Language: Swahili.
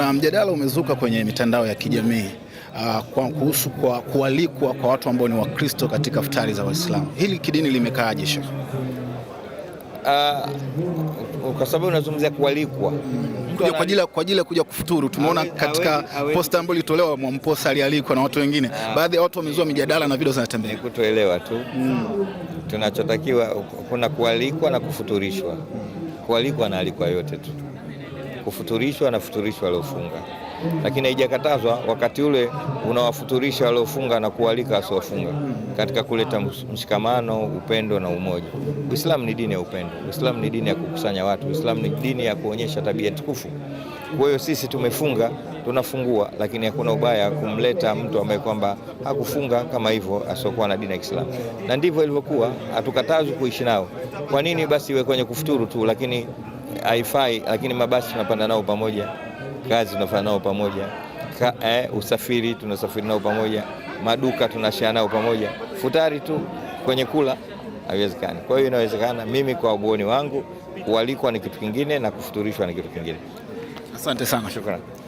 kuna mjadala umezuka kwenye mitandao ya kijamii uh, kuhusu kwa kualikwa kwa watu ambao ni Wakristo katika futari za Waislamu. Hili kidini limekaaje Sheikh? Uh, kwa sababu unazungumzia kualikwa mm. kwa ajili kwa ajili ya kuja kufuturu. Tumeona katika posta ambayo ilitolewa, Mwamposa alialikwa na watu wengine, ah. baadhi ya watu wamezua mijadala na video zinatembea. Kutoelewa tu mm. Tunachotakiwa kuna kualikwa na kufuturishwa. Mm. Kualikwa na alikwa yote tu kufuturishwa na futurishwa waliofunga, lakini haijakatazwa wakati ule unawafuturisha waliofunga na kualika wasiofunga katika kuleta mshikamano, upendo na umoja. Uislamu ni dini ya upendo, Uislamu ni dini ya kukusanya watu, Uislamu ni dini ya kuonyesha tabia tukufu. Kwa hiyo sisi tumefunga, tunafungua, lakini hakuna ubaya kumleta mtu ambaye kwamba hakufunga kama hivyo asiokuwa na dini ya Kiislamu, na ndivyo ilivyokuwa. Hatukatazwi kuishi nao. Kwa nini basi iwe kwenye kufuturu tu, lakini haifai, lakini mabasi tunapanda nao pamoja, kazi tunafanya nao pamoja Ka, eh, usafiri tunasafiri nao pamoja, maduka tunashare nao pamoja, futari tu kwenye kula haiwezekani. Kwa hiyo inawezekana mimi kwa uboni wangu kualikwa ni kitu kingine na kufuturishwa ni kitu kingine. Asante sana, shukrani.